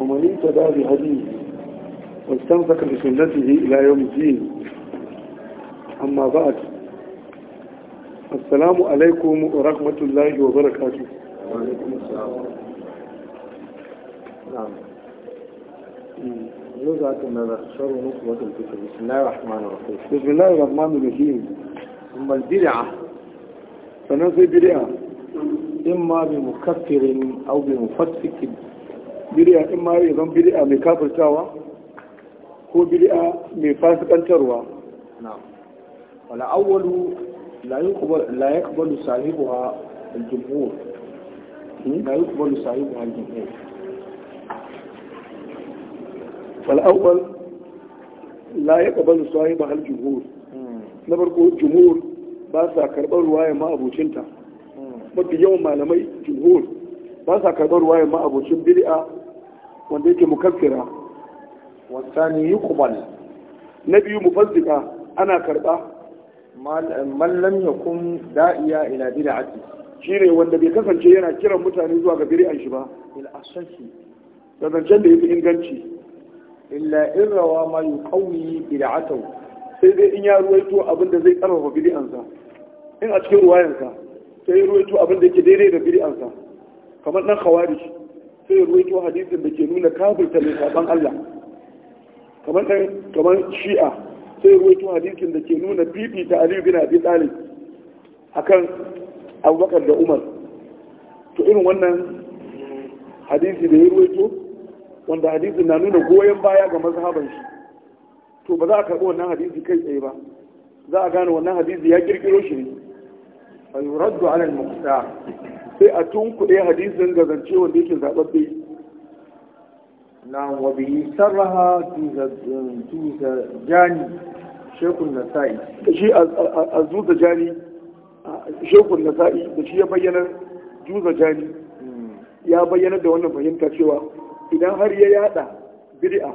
ومن اهتدى بهديه واستمسك بسنته إلى يوم الدين أما بعد السلام عليكم ورحمة الله وبركاته وعليكم السلام نعم جزء كما نخشر نخبة الفكر بسم الله الرحمن الرحيم بسم الله الرحمن الرحيم ثم البدعة فنزل بدعة إما بمكفر أو بمفسك bid'a in ma ya zan bid'a mai kafirtawa ko bid'a mai fasikantarwa wala awwalu la yuqbal la yaqbalu sahibuha al-jumhur hmm? la yuqbal sahibuha al-jumhur fal awwal la yaqbalu sahibuha al-jumhur hmm. na farko jumhur ba sa karɓar ruwayar ma'abocinta hmm. mafi yawan malamai jumhur ba sa karɓar ruwayar ma'abocin bid'a wanda yake mukaffira wasani yuqbal na biyu mufassika ana karba man lam yakun da'iya ila bid'ati shine wanda bai kasance yana kiran mutane zuwa ga bid'an shi ba ila asahi da zancen da yake inganci illa in rawa ma yuqawi bid'atu sai dai in ya ruwaito abin da zai karfafa bid'ansa in a cikin ruwayansa sai ruwaito abin da yake daidai da bid'ansa kamar dan khawarij sai ya ruwaito hadisin da ke nuna kafirta mai saban Allah kamar kamar shi'a sai ya ruwaito hadisin da ke nuna ta Aliyu bin Abi a kan Abubakar da Umar to irin wannan hadisi da ya ruwaito wanda hadisin na nuna goyon baya ga mazhaban shi to ba za a karɓi wannan hadisi kai tsaye ba za a gane wannan hadisi ya kirkiro shi ne fa yuraddu ala al-muqtar sai a tunkuɗe hadisin ga zance wanda yake zaɓaɓɓe na'am wa bihi sarraha jani shekun nasa'i shi a zuzajani shekun nasa'i da shi ya bayyana juzajani hmm. ya bayyana da wannan fahimta cewa idan har ya yada bid'a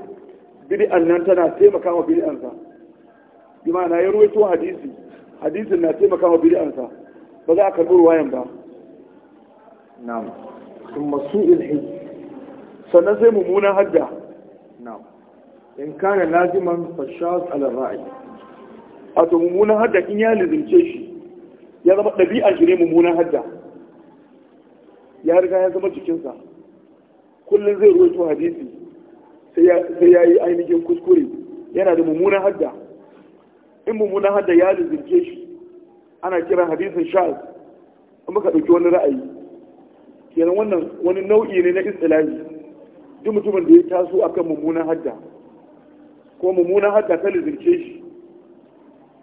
bid'an nan tana taimaka wa bid'ansa bi ma'ana ya ruwaito hadisi hadisin na taimaka wa bid'ansa ba za a karɓi ruwayan ba na'am thumma su'il hajj sannan sai mummunan hajja na'am in kana laziman fashas ala ra'i a to mummunan hajja in ya lizince shi ya zama ɗabi'a shi ne mummunan hajja ya riga ya zama cikinsa kullum zai ruwaito hadisi sai ya yi ainihin kuskure yana da mummunan hadda in mummunan hadda ya lizince shi ana kiran hadisin sha'ad in muka ɗauki wani ra'ayi kenan wannan wani nau'i ne na istilahi duk mutumin da ya taso akan mummunan hadda ko mummunan hadda ta lizirce shi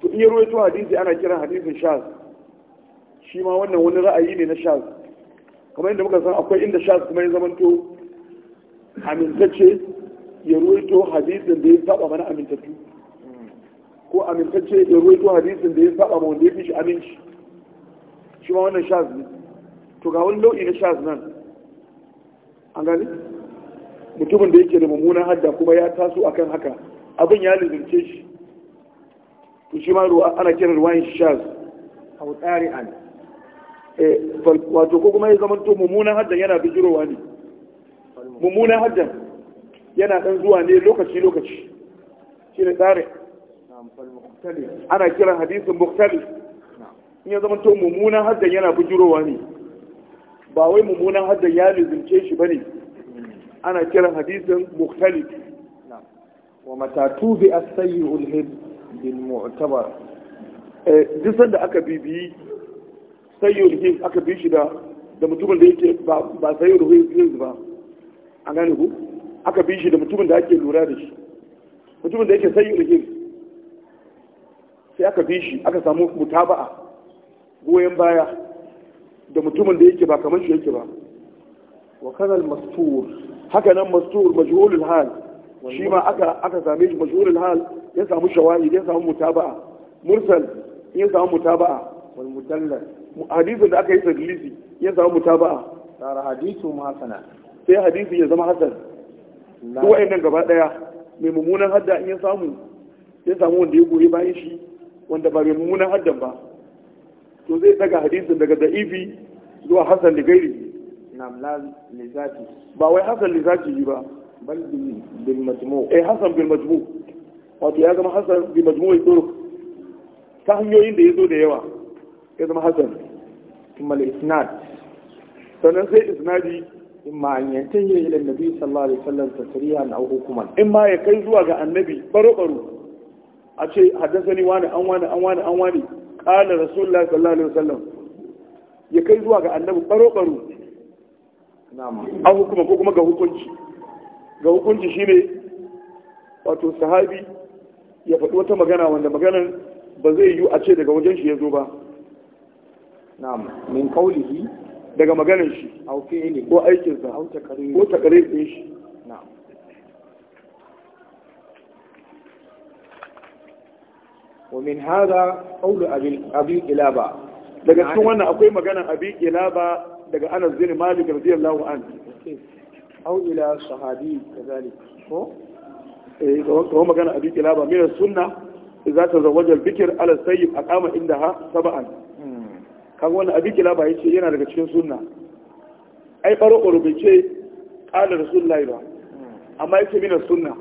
to in ya ruwaito hadisi ana kiran hadisin shaz shi ma wannan wani ra'ayi ne na shaz kamar inda muka san akwai inda shaz kuma ya zamanto amintacce ya ruwaito hadisin da ya saba mana amintattu ko amintacce ya ruwaito hadisin da ya saba ma wanda ya fi shi aminci shi ma wannan shaz ne to ga wani nau'i na shaz nan an gani mutumin da yake da mummunan hadda kuma ya taso akan haka abin ya lizirce shi to shi ma ana kiran ruwan shaz a wutsari an eh, wato ko kuma ya zama to mummunan hadda yana bijirowa ne mummunan hadda yana dan zuwa ne lokaci lokaci shi ne tsari ana kiran hadisin muktali in ya zama to mummunan hadda yana bijirowa ne ba wai mummunan haddan ya lizince shi bane ana kiran hadisin mukhtalif wa matatu bi as-sayyi'ul hib bil mu'tabar eh da aka bibi sayyi'ul hib aka bi shi da da mutumin da yake ba ba sayyi'ul hib ba an gane ku aka bi shi da mutumin da ake lura da shi mutumin da yake sayyi'ul hib sai aka bi shi aka samu mutaba'a goyen baya da mutumin da yake ba kamar shi yake ba wa kanal mastur haka nan mastur majhulul hal shi ma aka aka same shi majhulul hal ya samu shawahi ya samu mutaba'a mursal ya samu mutaba'a wal mudallal hadisin da aka yi tadlisi ya samu mutaba'a sara hadisu hasana sai hadisi ya zama hasan duk nan gaba daya mai mummunan hadda in ya samu ya samu wanda ya goyi bayan shi wanda ba mai mummunan haddan ba to zai daga hadisin daga da'ifi zuwa hasan da gairi ba wai hasan lizaki ba bal bil majmu eh hasan bil majmu wato ya zama hasan bil majmu ya tsoro ta hanyoyin da ya zo da yawa ya zama hasan kuma isnad sannan sai isnadi ma an yantahiya ila nabi sallallahu alaihi wasallam tasrihan aw hukuman ma ya kai zuwa ga annabi baro baro a ce haddasa ni wani an wani an wani an wani qala rasulullah sallallahu alaihi wasallam ya kai zuwa ga annabi baro baro an hukuma ko kuma ga hukunci ga hukunci shine wato sahabi ya faɗi wata magana wanda maganar ba zai yiwu a ce daga wajen shi ya zo ba na'am min qawlihi daga maganar shi ko takarir ko takarir din shi ومن هذا قول أبي إلابة daga cikin wannan akwai maganar abi ilaba daga anas bin malik radiyallahu an au ila sahabi kazalik ko eh ko magana abi ilaba min sunna idza tazawwaja al-bikr ala sayyib aqama indaha sab'an hmm. kaga wannan abi yace yana daga cikin sunna ai baro bai ce qala rasulullahi ba hmm. amma yace min sunna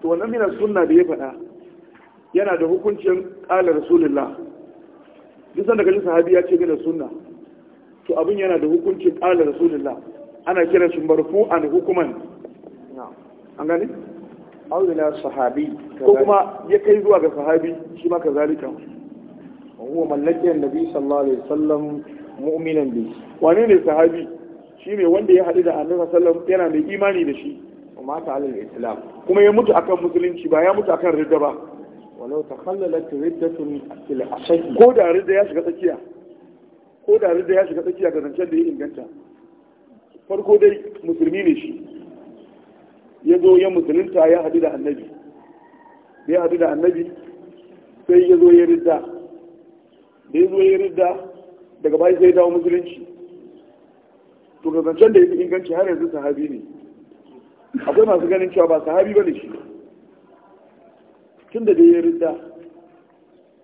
to wannan min sunna da ya faɗa yana da hukuncin ƙala rasulullah duk sanda kaji sahabi ya ce mina sunna to abin yana da hukuncin ƙala rasulullah ana kiran shi marfu'an hukuman an gani aw na sahabi ko kuma ya kai zuwa ga sahabi shi ma kazalika huwa mallaki annabi sallallahu alaihi wasallam mu'minan bi wane ne sahabi shine wanda ya haɗu da annabi sallallahu alaihi wasallam yana mai imani da shi mata alal islam kuma ya mutu akan musulunci ba ya mutu akan ridda ba walau ta khallala riddatun fil asahi ko da ridda ya shiga tsakiya ko da ridda ya shiga tsakiya ga zancen da ya inganta farko dai musulmi ne shi ya zo ya musulunta ya hadu da annabi ya hadu da annabi sai ya zo ya ridda da ya zo ya ridda daga baya sai ya dawo musulunci to ga zancen da ya fi inganci har yanzu sahabi ne akwai masu ganin cewa ba sahabi ba ne shi tun da dai ya ridda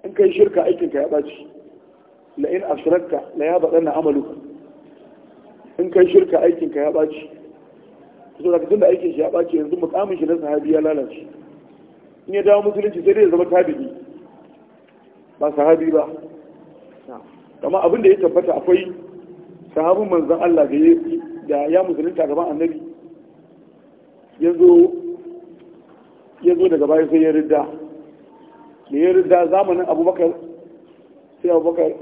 in kai shirka aikinka ya ɓaci la'in in ashrakta la ya na amalu in kai shirka aikinka ya ɓaci su da tun da aikin shi ya ɓaci yanzu mukamin shi na sahabi ya lalace in ya dawo musulunci sai dai ya zama tabi'i ba sahabi ba kama abin da ya tabbata akwai sahabin manzan Allah da ya musulunta gaban annabi yanzu ya zo daga baya sai ya ridda da ya ridda zamanin abubakar sai abubakar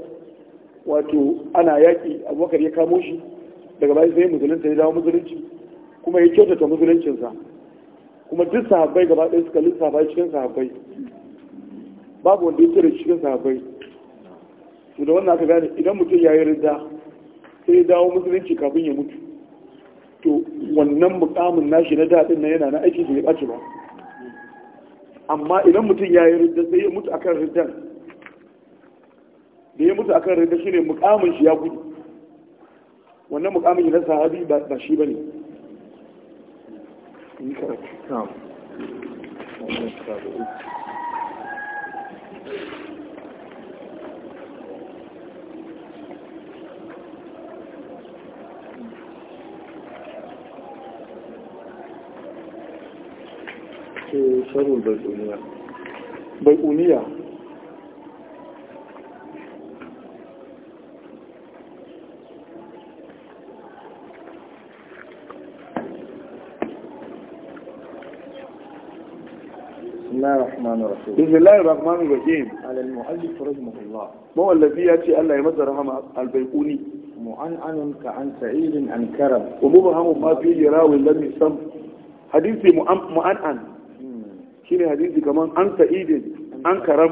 wato ana yaƙi abubakar ya kamo shi daga baya sai musulunta ya dawo musulunci kuma ya kyautata musuluncinsa kuma duk sahabbai gaba ɗaya suka lissafa cikin sahabbai babu wanda ya cire cikin sahabbai to da wannan aka gane idan mutum ya yi ridda sai ya dawo musulunci kafin ya mutu to wannan mukamin nashi na daɗin na yana na aiki da ya ɓace ba amma idan mutum ya yi ridda sai ya mutu a kan riddan da ya mutu akan shi ne mukamin shi ya gudu wannan mukamin na sahabi ba shi ne. in شر البيئونية بيئونية بسم الله الرحمن الرحيم بسم الله الرحمن الرحيم على المؤلف رحمه الله ما هو الذي يأتي ألا يمد رحمة البيقوني معنعن كعن سعيد عن كرم ومبهم ما فيه يراوي لم يسم حديث معنعن shine hadisi kamar an sa'idin an karam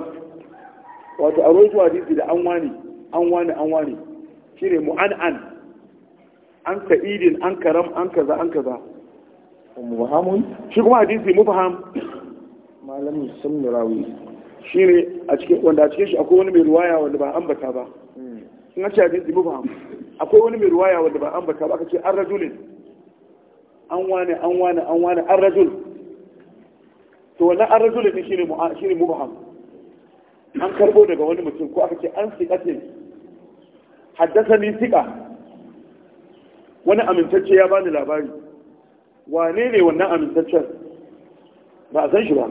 wato a rojo hadisi da an wani an wani an wani shine mu'an'an an sa'idin an karam an kaza an kaza muhammad shi kuma hadisi mubham malam musam rawi shine a cikin wanda a cikin shi akwai wani mai ruwaya wanda ba ambata ba sun hmm. ce hadisi mu faham. akwai wani mai ruwaya wanda ba ambata ba aka ce an rajulin an wani an wani an wani an rajulin to wannan an da shi ne shine mubham an karbo daga wani mutum ko aka ce an Haddasa ni siƙa. wani amintacce ya bani labari wane ne wannan amintaccen ba a san shi ba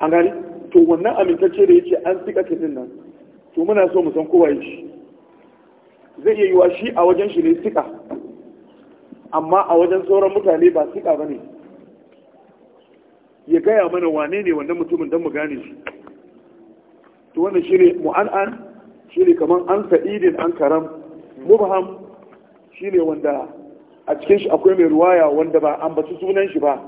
an gani to wannan amintacce da ce an siqatin din nan to muna so mu san kowa shi zai iya yiwa shi a wajen shi ne siƙa. amma a wajen sauran mutane ba ba bane ya gaya mana wane ne wannan mutumin don mu gane shi to wannan shine mu'an'an shine kamar an sa'idin an karam mubham ne wanda a cikin shi akwai mai ruwaya wanda ba an baci sunan shi ba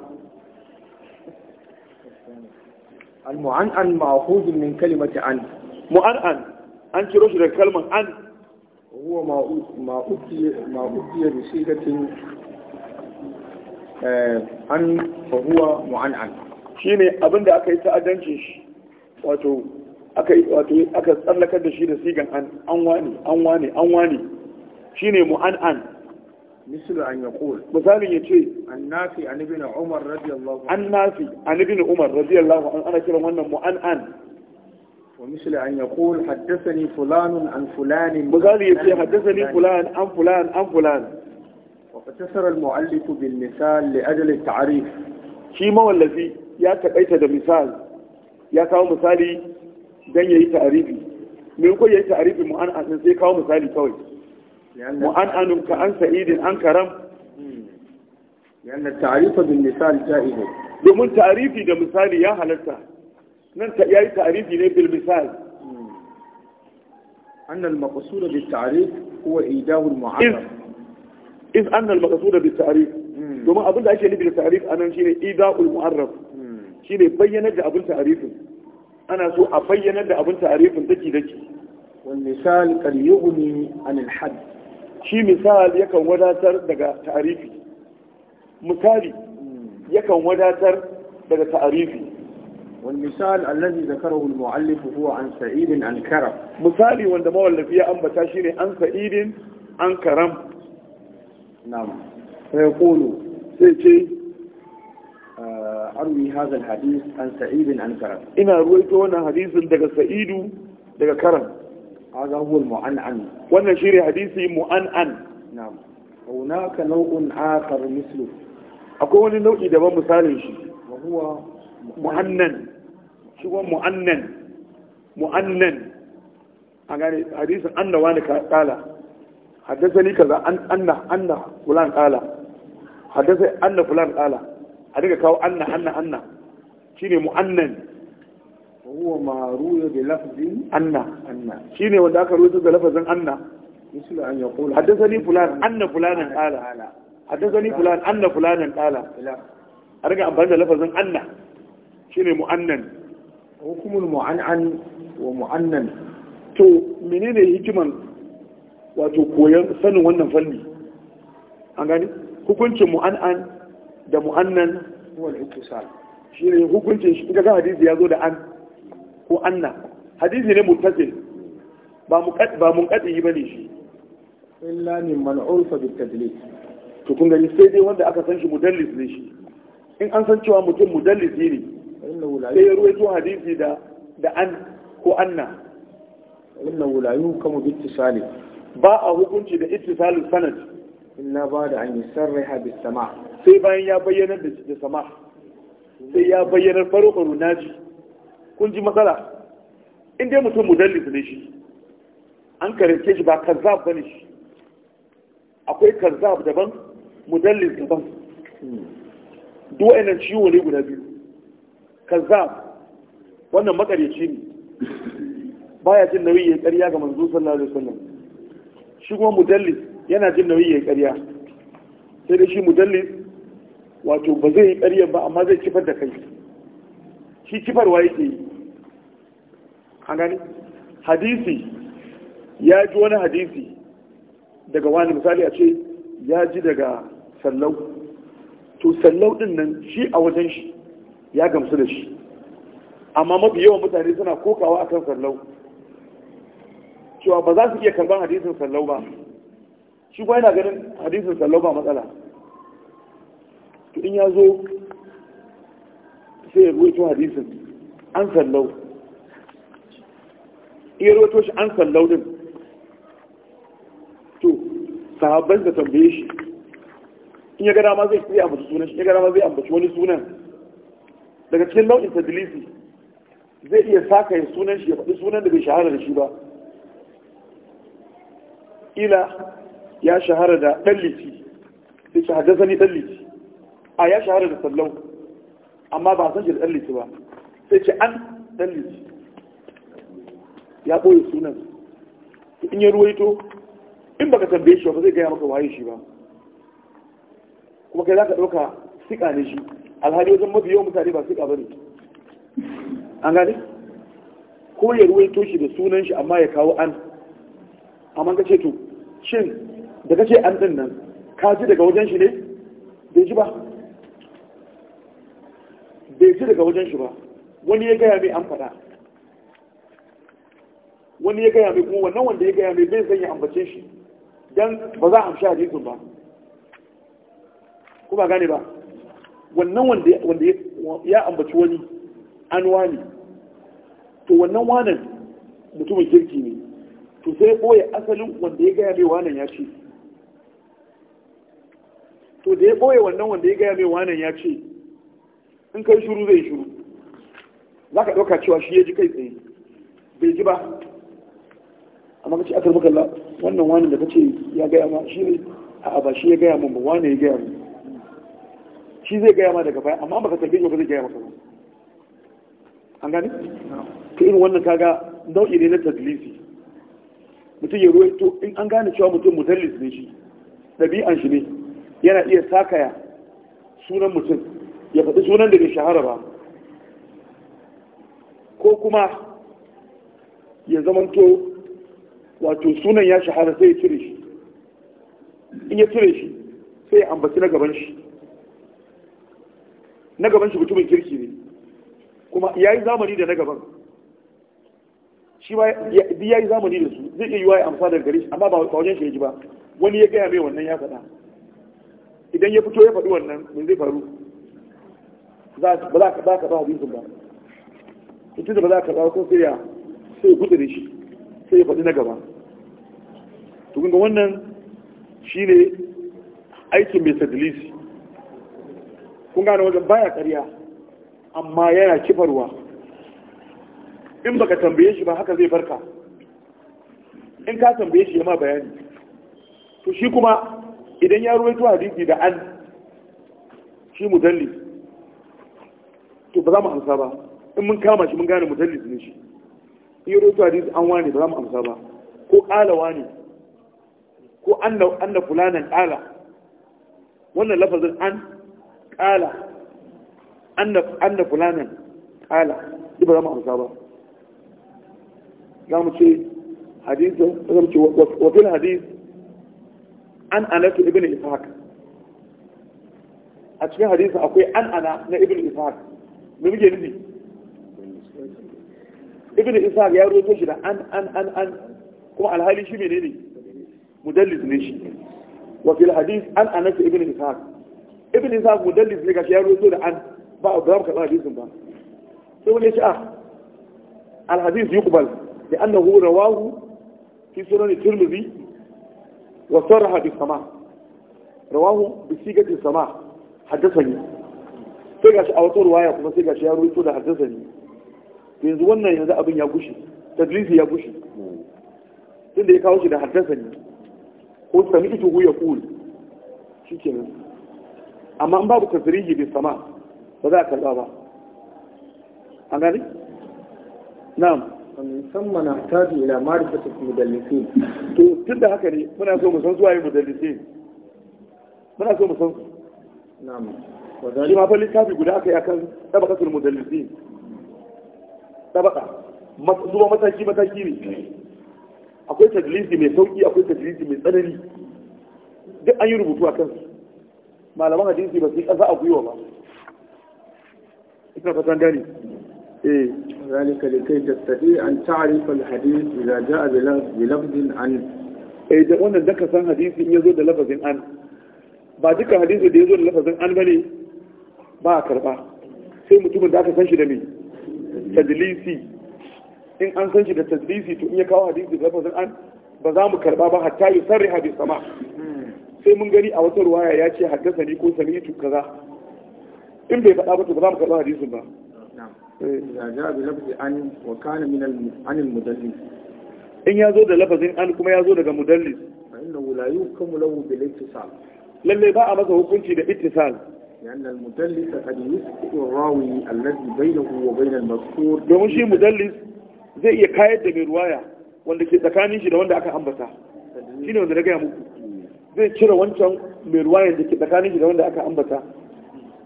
al-mu'an'an ma'ahudin min kalimata an mu'an'an an ciro shi daga kalman an huwa ma'ukiyar shi bi sigatin eh, an fahuwa huwa mu'an'an shine abin da aka yi ta'addanci shi wato aka wato aka tsallakar da shi da sigan an an wani an wani an wani shine mu'an'an misal an yaqul misalin yace annafi an ibn umar radiyallahu An annafi an ibn umar radiyallahu An ana kiran wannan mu'an'an ومثل أن يقول حدثني فلان عن فلان مغالي حدثني فلان عن فلان عن فلان وقد المؤلف بالمثال لأجل التعريف شيما والذي ya taƙaita da misal ya kawo misali don ya yi ta'arifi me ko ya yi ta'arifi mu'an'anin sai kawo misali kawai mu'an'anin ka an sa'idin an karam hmm. yana ta'arifa bin misali ja'ihu domin ta'arifi da misali ya halatta nan ya yi ta'arifi ne bil misali أن المقصود بالتعريف هو إيداه المعرف إذ أن المقصود بالتعريف domin abin da ake nufi da tarif anan shine ida'ul mu'arraf shine bayyanar da abin ta'arifin ana so a bayyanar da abin ta'arifin daki daki Wani misal qad yughni an al shi misal yakan wadatar daga ta'arifi misali yakan wadatar daga ta'arifi wal misal allazi zakarahu al muallif huwa an sa'id an karam misali wanda mawallafi ya ambata ne an sa'id an karam na'am sai yaqulu sai ce أروي هذا الحديث عن سعيد عن كرم إنا رويته أنا حديث دقى سعيد دقى كرم هذا هو المعنعن وأنا شيري حديثي معنعن نعم هناك نوع آخر مثله أقول نوع إذا ما مثال شيء وهو معنن شو معنن معنن أنا حديث أن وانا قال حدثني كذا أن أن أن فلان قال حدثني أن فلان قال a daga kawo anna anna anna shine mu'annan huwa ma ruya bi lafzin anna anna shine wanda aka ruwaito da lafazin anna misal an yaqul haddathani fulan anna fulanan qala haddathani fulan anna fulanan qala a daga amfani da lafazin anna shine mu'annan hukumul mu'annan wa mu'annan to menene hikiman wato koyon sanin wannan fanni an gani hukuncin mu'annan da mu'annan wal ittisal shi ne hukuncin shi ga hadisi ya zo da an ko anna hadisi ne muttasil ba mu ba mun kadi bane shi illa min man urfa bil tadlis to kun gani sai dai wanda aka san shi mudallis ne shi in an san cewa mutum mudallisi ne sai ya ruwaito hadisi da da an ko anna inna la yukamu bi ittisali ba a hukunci da ittisalin sanad inna ba da an yusarriha bis sama sai bayan ya bayyana da sama sai ya bayyana farqul naji kun ji matsala in dai mutum mudallis ne shi an karance shi ba kazzab bane shi akwai kazzab daban mudallis daban duk wa'annan ciwo ne guda biyu kazzab wannan makaryaci ne baya jin nauyi ya ƙarya ga manzo sallallahu alaihi wasallam shi kuma mudallis yana jin nauyi ya yi ƙarya sai da shi mudallis wato ba zai yi karya ba amma zai kifar da kai shi kifarwa yake yi an gani hadisi ya ji wani hadisi daga wani misali a ce ya ji daga sallau to sallau din nan shi a wajen shi ya gamsu da shi amma mafi yawan mutane suna kokawa akan sallau cewa ba za su iya karban hadisin sallau ba shi kuma yana ganin hadisin sallau ba matsala to in ya zo sai ya ruwaito hadisin an sallau iya ruwaito shi an sallau din to sahabban da tambaye shi in ya gada ma zai sai ambaci sunan shi ya gada ma zai ambaci wani sunan daga cikin launin tadlisi zai iya saka ya sunan shi ya faɗi sunan da bai shahara da shi ba ila ya shahara da ɗan sai da shi haddasa ni a ya shahara da sallau amma ba san shi da ba sai ce an ɗan ya ɓoye sunan in ya ruwaito in baka tambaye shi ba zai gaya maka waye shi ba kuma kai za ka ɗauka siƙa ne shi alhali wajen mafi yawan mutane ba siƙa ba ne an gane ko ya ruwaito shi da sunan shi amma ya kawo an amma ka ce to shin da kace an din nan ka ji daga wajen shi ne bai ji ba bai ji daga wajen shi ba wani ya gaya mai an faɗa wani ya gaya mai kuma wannan wanda ya gaya mai bai sanya ambace shi don ba za a amshi hadisin ba kuma gane ba wannan wanda ya ambaci wani an wani to wannan wanan mutumin kirki ne to sai ya asalin wanda ya gaya mai wanan ya ce to da ya ɓoye wannan wanda ya gaya mai wanan ya ce in kai shuru zai shuru za ka ɗauka cewa shi ya ji kai tsaye bai ji ba amma ka ce akar kalla. wannan wani da ka ce ya gaya ma shi ne a ba shi ya gaya ma ba wani ya gaya ma shi zai gaya ma daga baya amma ka tambaye ba zai gaya maka ba an gani ka irin wannan kaga nau'i ne na tadlisi mutum ya to in an gane cewa mutum mutallis ne shi ɗabi'an shi ne yana iya sakaya sunan mutum ya faɗi sunan da bai shahara ba ko kuma ya zamanto wato sunan ya shahara sai ya cire shi in ya cire shi sai ya ambaci na gaban shi na gaban shi mutumin kirki ne kuma ya yi zamani da na gaban shi ya yi zamani da su zai iya yi wa ya amsa daga gare shi amma ba wajen shi ya ji ba wani ya gaya mai wannan ya faɗa idan ya fito ya faɗi wannan mun zai faru ba za ka ba ka ba hadisin ba mutum da ba za ka ba ko sai ya sai ya gutsure shi sai ya faɗi na gaba to kun ga wannan shine aikin mai sadilisi kun gane wajen baya ƙarya amma yana kifarwa in baka tambaye shi ba haka zai farka in ka tambaye shi ya ma bayani to shi kuma idan ya ruwaito hadisi da an shi mutalli to ba za mu amsa ba in mun kama shi mun gane mutalli ne shi in ya ruwaito hadisi an wani ba za mu amsa ba ko ƙala wani, ko anna fulanan ƙala wannan lafazin an ƙala anna fulanan ƙala duk ba za mu amsa ba za mu ce hadisi za mu ce wa fil hadisi an anatu ibn ishaq a cikin hadisin akwai an ana na ibn ishaq me muke nufi ibn ishaq ya roto shi da an an an an kuma alhali shi ne menene mudallis ne shi wa fil hadith an anas ibn ishaq ibn ishaq mudallis ne gashi ya roto da an ba a ba ka hadisin ba sai wani ya ce ah al hadith yuqbal li annahu rawahu fi sunan tirmidhi وصرح بالسماء رواه بصيغة السماء حدثني sai shi a wata ruwaya kuma sai gashi ya ruwaito da haddasa ne yanzu wannan yanzu abin ya gushi tadlisi ya gushi tunda ya kawo shi da haddasa ne ko sami ita ya kul shi ke nan amma an babu tasiriji bai sama ba za a karɓa ba an gani musamman musamman nahtaju ila ma'rifati mudallisin to duk da haka ne muna so mu san suwaye mudallisin muna so mu san su na'am wadali ma fa guda aka yi akan tabaqatul mudallisin tabaka zuwa mataki mataki ne akwai tajlisi mai sauki akwai tajlisi mai tsanani duk an yi rubutu a kansu malaman hadisi ba su yi ƙasa a gwiwa ba ina fatan gani ذلك لكي تستطيع أن تعرف الحديث إذا جاء بلفظ عن eh da wannan da ka san hadisi in yazo da lafazin an ba duka hadisi da yazo da lafazin an bane ba a karba sai mutumin da aka san shi da me tadlisi in an san shi da tadlisi to in ya kawo hadisi da lafazin an ba za mu karba ba hatta yi sarri hadis sama sai mun gani a wata ruwaya ya ce haddasa ni ko sami kaza in bai faɗa ba to ba za mu karba hadisin ba in ya zo da lafazin an kuma ya zo daga mudallis فإنه لا يحكم له Lalle ba a masa hukunci da ittisal لأن المدلس قد bai da الذي bai وبين المذكور domin shi mudallis zai iya kayar da mai ruwaya wanda ke tsakanin shi da wanda aka ambata ne wanda na gaya muku zai cire wancan mai ruwaya da ke tsakanin shi da wanda aka ambata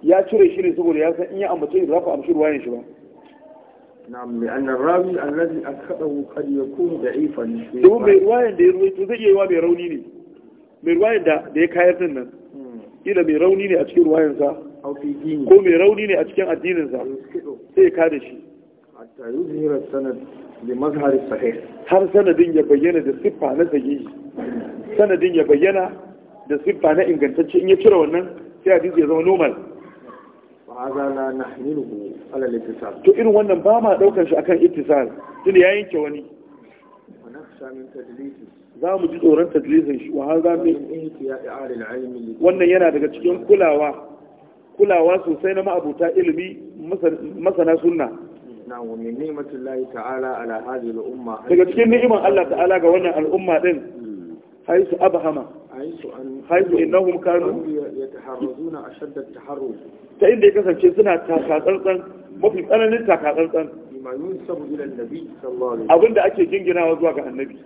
ya cire shi ne saboda ya san in ya ambace shi za ku amshi ruwayan shi ba na'am mai da ya zai iya mai rauni ne mai da ya nan hmm. mai rauni ne a cikin ruwayan sa ko mai rauni ne a cikin addinin sa sai kada shi har sanadin ya bayyana da siffa na sahihi sanadin ya bayyana da siffa na ingantacce in ya cire wannan sai ya zama normal وهذا irin wannan ba الاتصال تو إن وانا باما دوكا شاكا اتصال تلي ياين za mu ji tsoron tadlizin shi wa min wannan yana daga cikin kulawa kulawa sosai na ma'abuta ilimi masana sunna daga cikin ni'imar Allah ta'ala ga wannan al'umma din haisu abahama haizu innahum kanu yataharrazuna ashadda ta inda ya kasance suna takatsantsan mafi tsananin takatsantsan abinda ake jinginawa zuwa ga annabi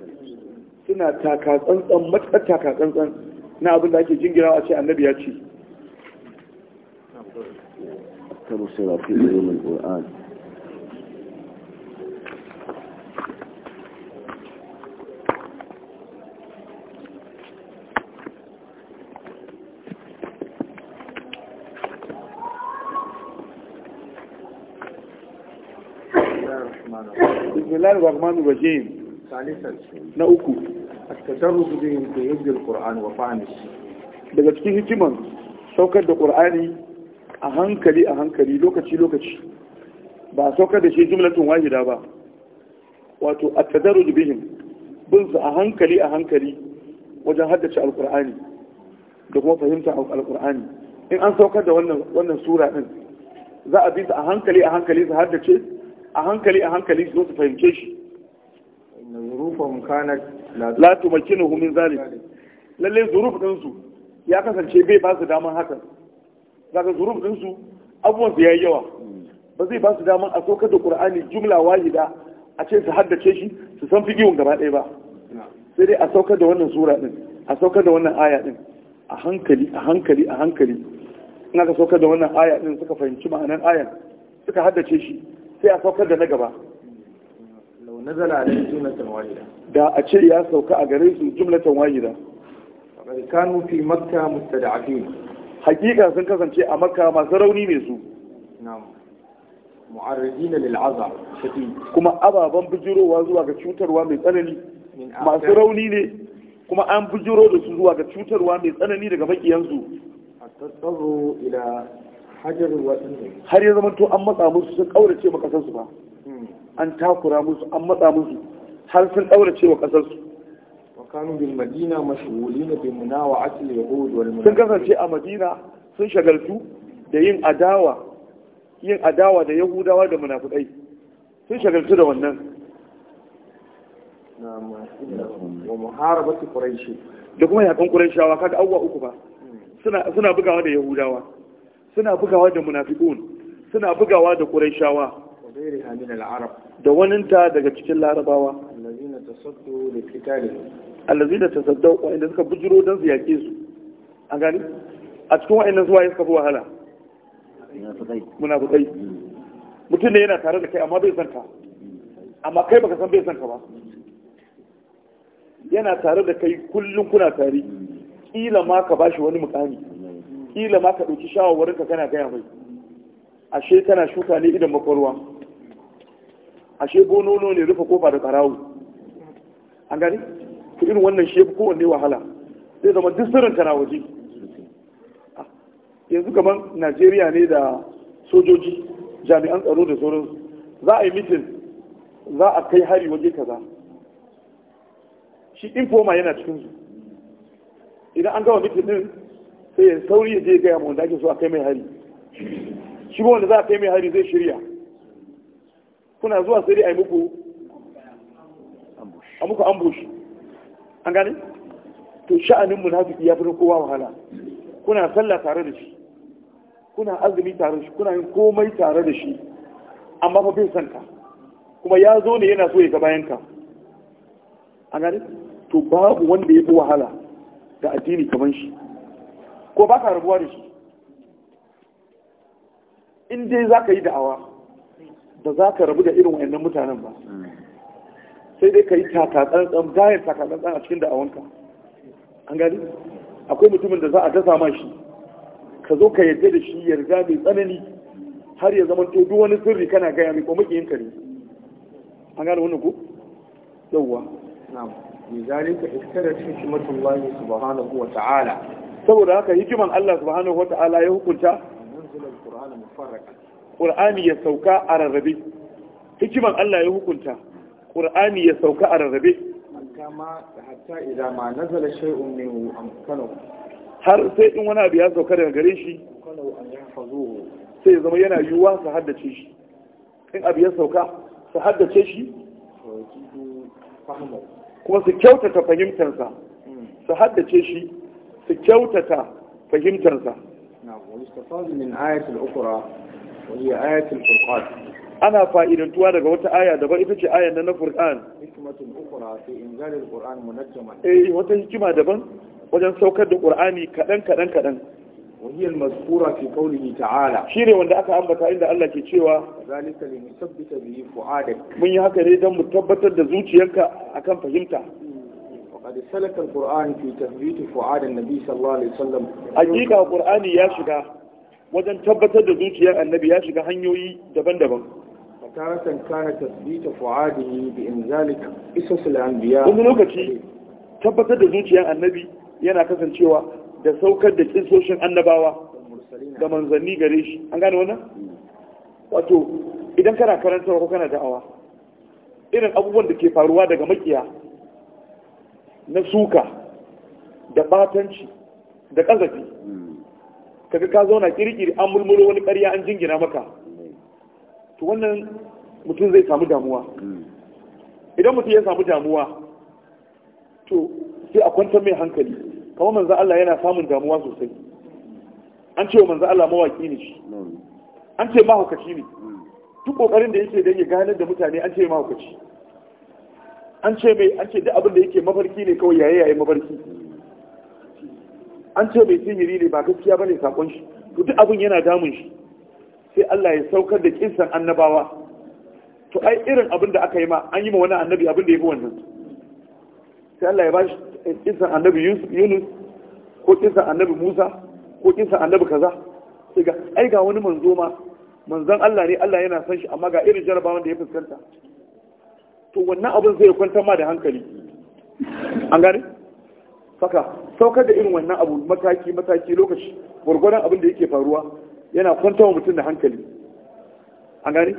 suna takatsantsan matakar takatsantsan na abinda ake jinginawa a ce annabi ya ce bismillahir rahmanir rahim na uku at-tadarrus bihim fi hifz al-qur'an wa fahmi daga cikin hikiman saukar da qur'ani a hankali a hankali lokaci lokaci ba saukar da shi jumlatun wahida ba wato at-tadarrus bihim bin su a hankali a hankali wajen haddace al-qur'ani da kuma fahimta al-qur'ani in an saukar da wannan wannan sura din za a bi su a hankali a hankali su haddace a hankali a hankali su su fahimce shi zurufahum kanat la tumakkinuhum min zalik lalle zuruf din su ya kasance bai ba su daman hakan zaka zuruf din su abubuwan su yayi yawa ba zai ba su daman a sokar da qur'ani jumla wahida a ce su haddace shi su san fiqihun gaba ɗaya ba sai dai a saukar da wannan sura din a saukar da wannan aya din a hankali a hankali a hankali ina ka saukar da wannan aya din suka fahimci ma'anan ayan suka haddace shi sai a saukar da na gaba nazala jumlatan wahida da a ce ya sauka a gare su jumlatan wahida kanu fi makka mustada'afin hakika sun kasance a makka masu rauni ne su na'am mu'arrijina lil azab shadid kuma ababan bujirowa zuwa ga cutarwa mai tsanani masu rauni ne kuma an bujiro da su zuwa ga cutarwa mai tsanani daga makiyansu at-tasarru ila har ya zama to an matsa musu sun ƙaurace wa ƙasarsu ba hmm. an takura musu an matsa musu har sun ƙaurace wa ƙasarsu Sun kasance a بمناوعة sun shagaltu da yin adawa yin adawa da yahudawa da munafikai sun shagaltu da wannan wa muharabati quraish da kuma yakan quraishawa kaga awwa uku ba hmm. suna suna bugawa da yahudawa suna bugawa da munafiqun suna bugawa da quraishawa da waninta daga cikin larabawa allazina tasaddu liqitalihim allazina wa inda suka bujiro dan su yake su an gani a cikin wa'annan zuwa suka fi wahala munafiqai mutum ne yana tare da kai amma bai san ka amma kai baka san bai san ka ba yana tare da kai kullum kuna tare kila ma ka bashi wani mukami kila ma ka ɗauki shawarwarin ka kana gaya mai ashe kana shuka ne idan makwarwa ashe gonono ne rufe kofa da karawu an gani to irin wannan shi ko wanne wahala zai zama duk sirrin kana waje ah, yanzu kamar Najeriya ne da sojoji jami'an tsaro da sauran za a yi mitin za a kai hari waje kaza shi informa yana cikin su idan an gawa mitin din sai ya sauri ya je gaya mu wanda ake so a kai mai hari shi wanda za a kai mai hari zai shirya kuna zuwa sai dai a yi muku a muku ambushi, an gane to sha'anin munafiki ya fi kowa wahala kuna sallah tare da shi kuna azumi tare da shi kuna yin komai tare da shi amma fa bai sanka kuma ya zo ne yana so ya ga bayan ka an gane to babu wanda ya fi wahala da addini kamar shi ko ba ka rabuwa da shi in dai za ka yi da'awa da za ka rabu da irin wayannan mutanen ba sai dai ka yi takatsantsan bayan takatsantsan a cikin da'awanka an gani akwai mutumin da za a dasa ma shi ka zo ka yarda da shi yarda mai tsanani har ya zama duk wani sirri kana gaya mai ko makiyin kare an gane wannan ko yawwa na'am لذلك اختلف حكمة الله سبحانه ta'ala saboda haka hikiman Allah subhanahu ta'ala ya hukunta Qur'ani ya sauka a rarrabe hikiman Allah ya hukunta Qur'ani ya sauka a rarrabe har sai in wani abu ya sauka daga gare shi sai zama yana yiwuwa su haddace shi in abu ya sauka su haddace shi kuma su kyautata fahimtarsa su haddace shi su kyautata fahimtarsa ana fa'idantuwa daga wata aya daban ita ce ayan na Qur'an eh wata hikima daban wajen saukar da ƙur'ani kadan kadan kadan وهي المذكورة في قوله تعالى شيري وانا اكا امبتا عند الله كي تشيوا ذلك لنثبت به فؤادك من يهكا ريدا متبتا دزوتي ينكا اكام فهمتا قد سلك القرآن في تثبيت فعال النبي صلى الله عليه وسلم حقيقة القرآن يا شكا وجن تبتد زوجيا النبي يا شكا هنيوي دبن دبن تارة كان تثبيت فعاده بإنزال قصص الأنبياء ومن لوكتي تبتد زوجيا النبي yana kasancewa da saukar da kisoshin annabawa da manzanni gare shi an gane wannan wato idan kana karantarwa ko kana da'awa irin abubuwan da ke faruwa daga makiya na suka da batanci da ƙazafi kaga ka zauna kirkiri an mulmulo wani ƙarya an jingina maka to wannan mutum zai samu damuwa idan mutum ya samu damuwa to sai a kwanta mai hankali kamar manzan Allah yana samun damuwa sosai an ce wa manzan Allah mawaki ne shi an ce mahaukaci ne duk ƙoƙarin da yake don ya gane da mutane an ce mahaukaci an ce mai an ce duk abin da yake mafarki ne kawai yaye yaye mafarki an ce mai sihiri ne ba gaskiya bane sakon shi to duk abin yana damun shi sai Allah ya saukar da kinsan annabawa to ai irin abin da aka yi ma an yi ma wani annabi abin da ya fi wannan sai Allah ya ba shi kinsan annabi Yunus ko kinsan annabi Musa ko kinsan annabi kaza sai ga ai ga wani manzo ma manzon Allah ne Allah yana son shi amma ga irin jarabawan da ya fuskanta to wannan abin zai kwanta ma da hankali an gane saka saukar da irin wannan abu mataki mataki lokaci gwargwaron abin da yake faruwa yana kwanta wa mutum da hankali an gane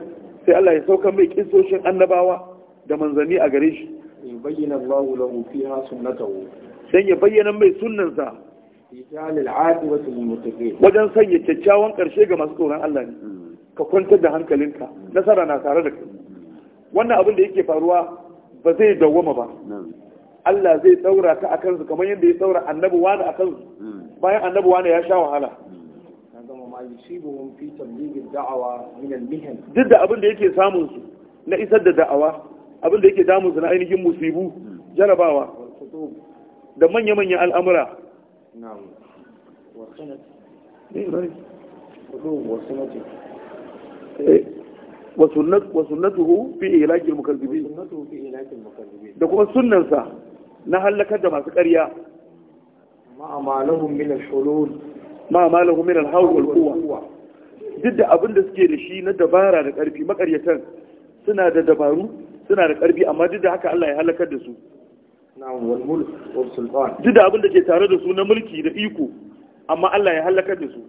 sai Allah ya saukar mai kisoshin annabawa da manzanni a gare shi bayyana Allahu lahu fiha sunnatahu dan ya bayyana mai sunnansa wajen sanya kyakkyawan karshe ga masu tsoron Allah ne ka kwantar da hankalinka nasara na tare da kai wannan abin da yake faruwa ba zai dawwama ba Allah zai daura ka a kansu kamar yadda ya saura annabi wani a kansu hmm. bayan annabi wani ya sha wahala hmm. duk da abin da yake samun su na isar da da'awa abin da yake damun su na ainihin musibu hmm. jarabawa da manya-manyan al'amura na'am wa sunnatuhu fi ilakil mukazzibin da kuma sunnansa na halakar da masu ƙarya ma malahum min al-hulul ma malahum min al-hawl wal duk da abin da suke da shi na dabara da ƙarfi makaryatan suna da dabaru suna da ƙarfi amma duk da haka Allah ya halakar da su duk da abin da ke tare da su na mulki da iko amma Allah ya halakar da su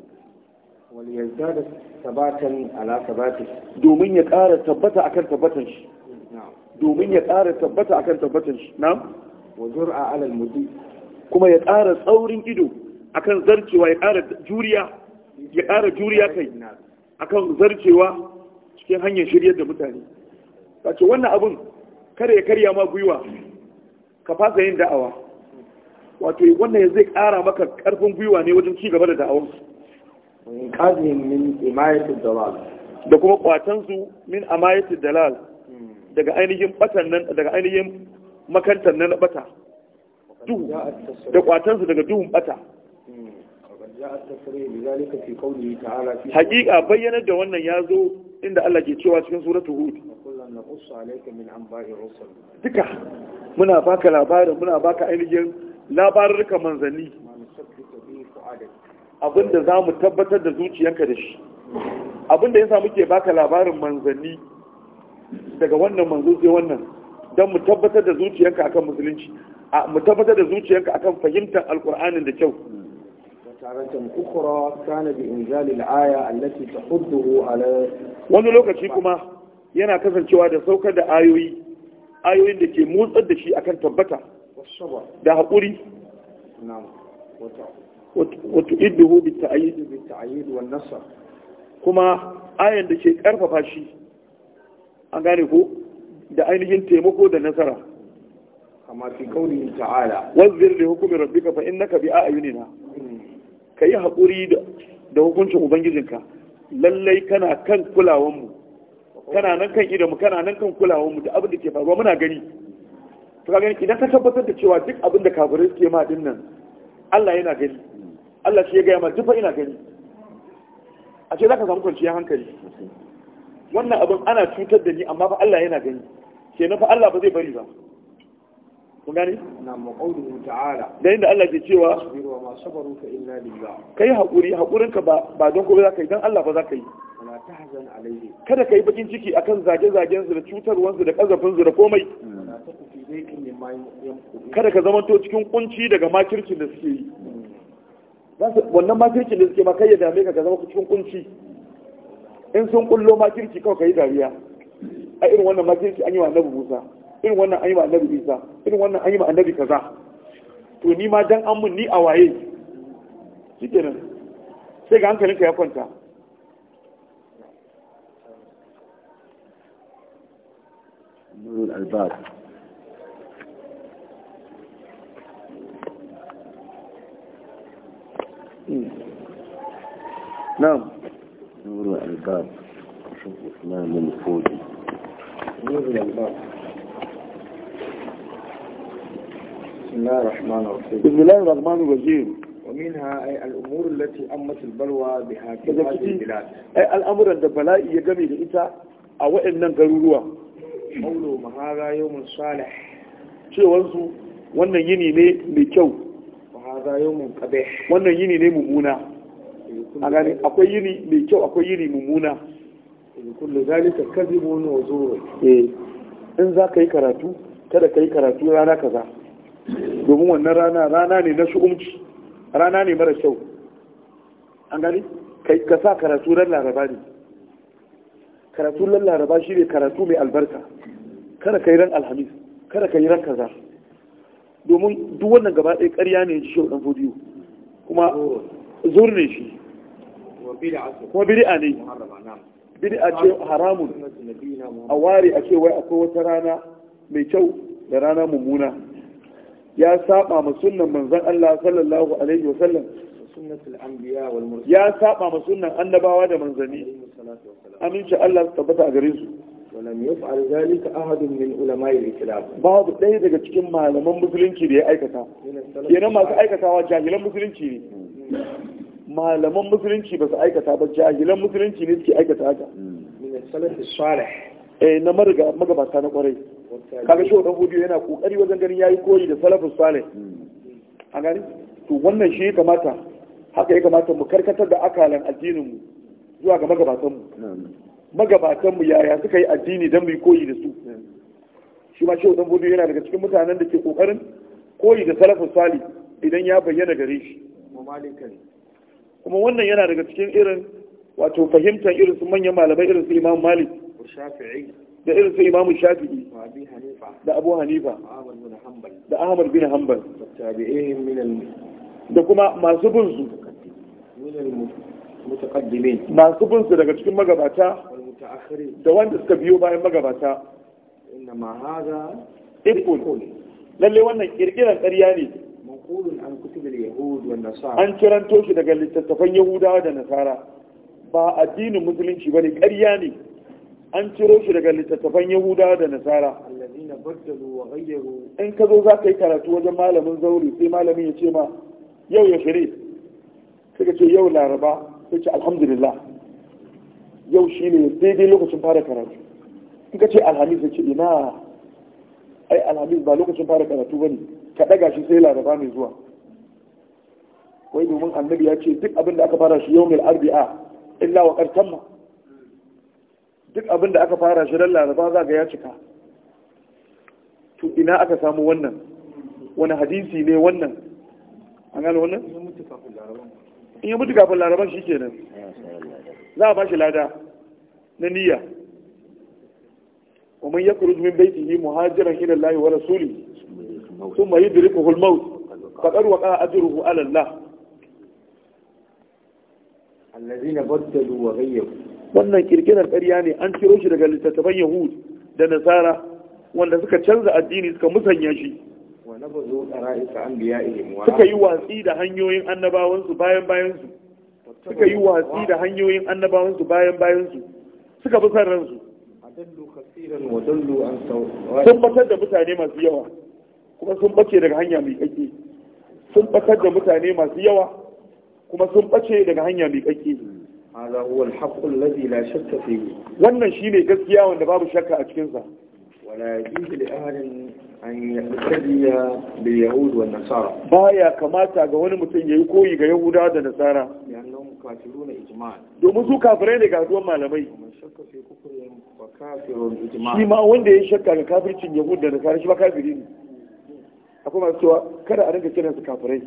waliyarda da tabbatan ala tabbatan domin ya ƙara tabbata akan tabbatan shi domin ya ƙara tabbata akan tabbatan shi na wa a ala almudi kuma ya ƙara tsaurin ido akan zarcewa ya ƙara juriya ya ƙara juriya kai akan zarcewa cikin hanyar shirya da mutane sace wannan abun kare karya ma gwiwa ka fasa yin da'awa wato wannan zai ƙara maka ƙarfin gwiwa ne wajen cigaba da da'awansu? da kuma su min amayatul dalal hmm. daga ainihin batan nan daga ainihin makantan nan bata duhu da su daga duhun bata hakika hmm. bayyana da wannan ya zo inda Allah ke cewa cikin suratu hud duka muna baka labarin muna baka ainihin labarurka manzanni abinda za mu tabbatar da zuciyanka da shi abinda ya sa muke baka labarin manzanni daga wannan manzo sai wannan don mu tabbatar da zuciyanka akan musulunci mu tabbatar da zuciyanka akan fahimtar alkur'anin da kyau wani lokaci kuma yana kasancewa da saukar da ayoyi ayoyin da ke motsar da shi akan tabbata da haƙuri wato idduhu bi ta'yid bi ta'yid nasr kuma ayan da ke karfafa shi an gane ko da ainihin taimako da nasara kama fi kauli ta'ala wazzir li hukmi rabbika fa innaka bi a'yunina kai hakuri da da hukuncin ubangijinka lallai kana kan kulawan mu kana nan kan idan mu kana nan kan kulawan mu da abin da ke faruwa muna gani to ka gani idan ka tabbatar da cewa duk abin da kafirai suke ma din nan Allah yana gani Allah shi ya gaya ma dufa ina gani a ce za ka samu kwanciyar hankali wannan abin ana cutar da ni amma fa Allah yana gani ke na fa Allah ba zai bari ba ku gani na maqawluhu ta'ala da inda Allah ke cewa wa ma sabaruka illa billah kai hakuri hakurin ka ba ba don kowa zaka yi dan Allah ba zaka yi Kada tahzan alayhi kada kai bakin ciki akan zage zagen su da cutarwan su da kazafin su da komai kada ka zamanto cikin kunci daga makircin da suke yi wannan makircin da suke ma kai ya dame ka ka zama cikin kunci in sun kullo makirci kawai ka yi dariya a irin wannan makirci an yi wa annabi musa irin wannan an yi wa annabi isa irin wannan an yi wa annabi kaza to ni ma dan an mun ni a waye shikenan sai ga ka ya kwanta nurul albab نعم نور الباب شوف من فوق نور الباب بسم الله الرحمن الرحيم بسم الله الرحمن الرحيم ومنها أي الأمور التي أمت البلوى بها في هذه البلاد أي الأمر عند البلاء يجمي لإتا أو إن نقرروا قولوا ما هذا يوم صالح شيء وانسوا wannan yini ne mai kyau wannan yini ne مبونا a gani akwai yini mai kyau akwai yini mummuna kullu zalika kadhibun wa zuwa eh in za ka yi karatu kada ka yi karatu rana kaza domin wannan rana rana ne na shu'umci rana ne mara kyau an gani ka sa karatu ran laraba ne karatu ran laraba shi ne karatu mai albarka kada ka yi ran alhamis kada ka yi ran kaza domin duk wannan gaba ɗaya ƙarya ne ji shi ɗan fodiyo kuma zur ne shi kuma bid'a ne bid'a ce haramun a ware a ce wai akwai wata rana mai kyau da rana mummuna ya saba ma sunnan manzon Allah sallallahu alaihi wasallam ya saba ma sunnan annabawa da manzanni aminci Allah tabbata a gare su ولم يفعل ذلك أحد من علماء الإسلام بعض ɗaya daga cikin malaman musulunci da ya aikata yana masu aikatawa jahilan musulunci ne hmm. malaman musulunci ba su aikata ba jahilan musulunci ne suke aikata haka eh na marga magabata na kwarai kaga shi wadan hudu yana kokari wajen ganin yayi koyi da salafus salih a gani to wannan shi kamata haka ya kamata mu karkatar da akalan addinin mu zuwa ga magabatan mu magabatan mu yaya suka yi addini dan mu koyi da su shi ma shi wadan hudu yana daga cikin mutanen da ke kokarin koyi da salafus salih idan ya bayyana gare shi kuma wannan yana daga cikin irin wato fahimtar irin su manyan malamai irin su imamu malik da irin su imamu shafi'i da abu hanifa da ahmad bin hanbal da kuma masu bin su masu bin su daga cikin magabata da wanda suka biyo bayan magabata inda ma haza lalle wannan kirkiran ƙarya ne an kiranto shi daga littattafan yahudawa da nasara ba addinin musulunci ba ne ƙarya ne an ciro shi daga littattafan yahudawa da nasara in ka zo za ka yi karatu wajen malamin zauri sai malamin ya ce ma yau ya shiri suka ce yau laraba sai ce alhamdulillah yau shi ne daidai lokacin fara karatu in ka ce alhamis ya ce ina ai alhamis ba lokacin fara karatu ba ne ka daga shi sai laraba mai zuwa wai domin annabi ya ce duk abin da aka fara shi yau mil arbi'a illa wa kartamma duk abin da aka fara shi don laraba za ga ya cika to ina aka samu wannan wani hadisi ne wannan an gano wannan in yi mutu kafin laraban shi kenan za a ba shi lada na niyya ومن يخرج من بيته مهاجرا الى الله ورسوله ثم يدركه الموت فقد وقع أجره على الله الذين بدلوا وغيروا wannan kirkirar ƙarya ne an ciro shi daga littattafan yahud da nasara wanda suka canza addini suka musanya shi suka yi watsi da hanyoyin annabawansu bayan bayansu suka yi watsi da hanyoyin annabawansu bayan bayansu suka fi san ransu sun batar da mutane masu yawa kuma sun bace daga hanya mai kake sun bakar da mutane masu yawa kuma sun bace daga hanya mai kake hada huwa al alladhi la shakka fi wannan shine gaskiya wanda babu shakka a cikin sa wala yajuzu li ahadin an yaqtadiya bi yahud wa nasara baya kamata ga wani mutum yayi koyi ga yahuda da nasara yannan kafirun ijma'a domin su kafirai ne ga duwan malamai shi ma wanda ya shakka ga kafircin yahud da nasara shi ba kafiri ne akwai masu cewa kada a rinka kiransu kafirai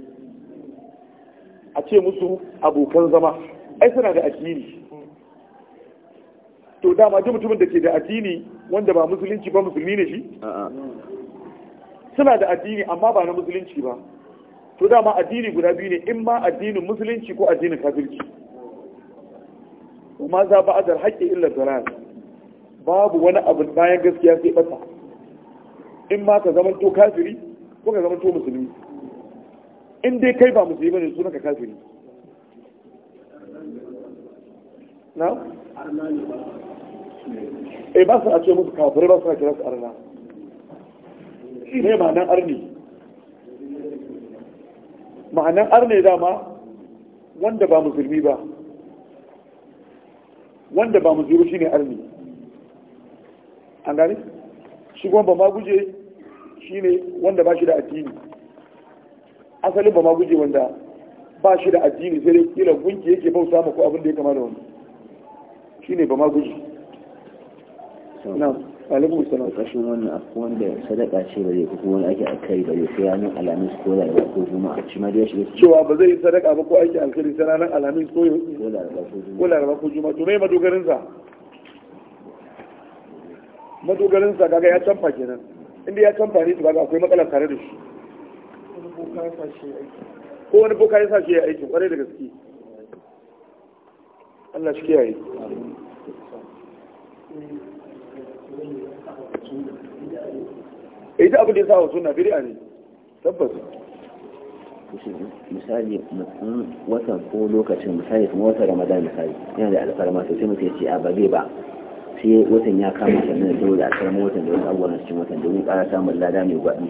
a ce musu abokan zama ai suna da addini to dama duk mutumin da ke da addini wanda ba musulunci ba musulmi ne shi suna da addini amma ba na musulunci ba to dama addini guda biyu ne in ma addinin musulunci ko addinin kafirci kuma za ba azar haƙƙi illa dalal babu wani abu bayan gaskiya sai bata in ma ka zama to kafiri ko ka zama to musulmi in dai kai ba musulmi bane sunan ka kafiri na eh ba su a ce musu kafirai ba su a kira su arna ne ma'anan arni ma'anan arne dama wanda ba musulmi ba wanda ba musulmi shine arni an gani shi kuma ba ma guje shine wanda ba shi da addini asalin ba ma guje wanda ba shi da addini sai dai kila gunki yake bauta ma ko abin da ya kama da wani shine ba ma guje na alaikum salam kashin wannan akwai wanda sadaka ce ba zai ko wani ake alkhairi ba zai sai ranar alamis ko laraba ko juma'a shi ma ya shi cewa ba zai yi sadaka ba ko ake alkhairi sai ranar alamis ko laraba ko juma'a to me madogarin sa madogarin sa kaga ya tamfa kenan inda ya kamfani su kaga akwai matsala tare da shi ko wani boka ya sa shi ya aiki kwarai da gaske Allah shi kiyaye ita eh, abin da ya sa wa suna bid'a ne tabbas misali watan ko lokacin misali kuma wata ramadan misali yana da alfarma sai mutum ya ce a ba zai ba sai watan ya kama sannan dole a kai watan da wasu na cikin watan domin ƙara samun lada mai gwaɗi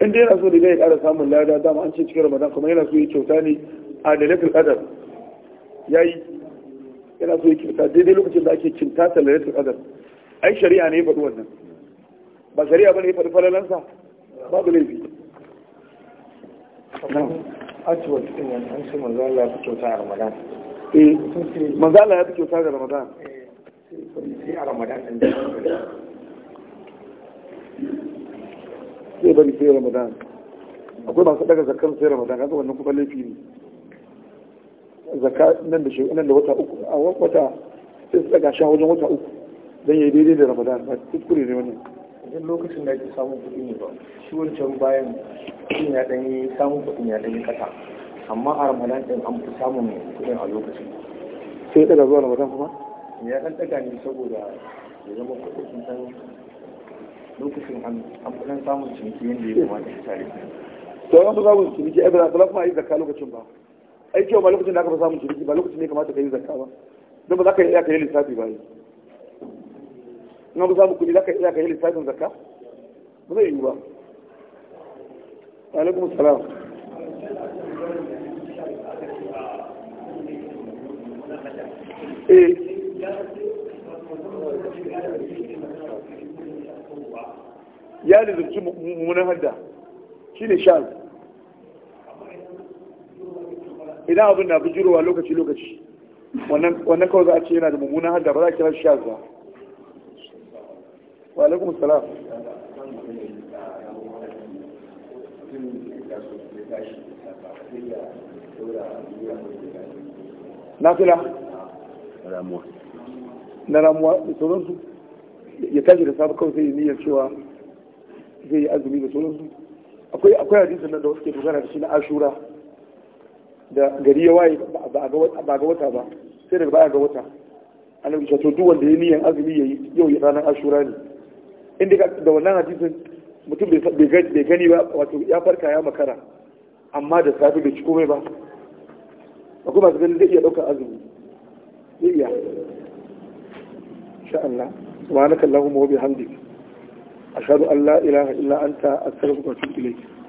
in dai yana so da zai ƙara samun lada dama an ce cikin ramadan kuma yana so ya kyauta ne a lalatul ya yi yana so ya kyauta daidai lokacin da ake cinta ta lalatul qadar ai shari'a ne ya faɗi wannan ba shari'a bane ya faɗi falalansa babu laifi ajiyar cikin wani an ce manzala ya fi kyauta a ramadan eh manzala ya fi kyauta ga ramadan eh, sai a ramadan ɗin sai bari sai ramadan akwai masu ɗaga zakar sai ramadan kaga wannan kuma laifi ne Zaka nan da shekaru nan da wata uku a wata sai su daga shan wajen wata uku dan yi daidai da ramadan ba kuskure ne wani. idan lokacin da ake samun kuɗi ne ba shi wancan bayan kuɗin ya ɗan yi samun kuɗin ya ɗan yi kasa amma a ramadan ɗin an fi samun kuɗin a lokacin sai ɗaga zuwa ramadan kuma ya ɗan daga ne saboda ya zama kuɗin san lokacin an ɗan samun ciniki yadda ya kamata ya tare to an fi samun ciniki ai ba za kuma yi zakka lokacin ba ai kyau ba lokacin da aka fi samun ciniki ba lokacin ne kamata ka yi zakka ba don ba za ka iya ka yi lissafi ba yi na an fi mu kuɗi za ka iya ka yi lissafin zakka ba zai yiwu ba alaikum salam eh ya lizarci mummunan hadda shi ne shan idan abin na bujirowa lokaci-lokaci wannan kawai za a ce yana da mummunan hadda ba za a kira shan ba wa alaikum salam na fila? ramuwa na ramuwa da sauransu ya tashi da safe kawai sai ya niyyar cewa zai yi azumi da sauransu akwai akwai hadisin nan da wasu ke dogara da shi na ashura da gari ya waye ba ga wata ba sai daga baya ga wata annabi ya to duk wanda ya niyyar azumi yi yau ya ranar ashura ne inda da wannan hadisin mutum bai gani ba wato ya farka ya makara amma da safe bai ci komai ba akwai masu ganin zai iya ɗaukar azumi zai iya insha Allah subhanakallahumma wa bihamdika ashhadu an la ilaha illa anta astaghfiruka wa atubu ilayk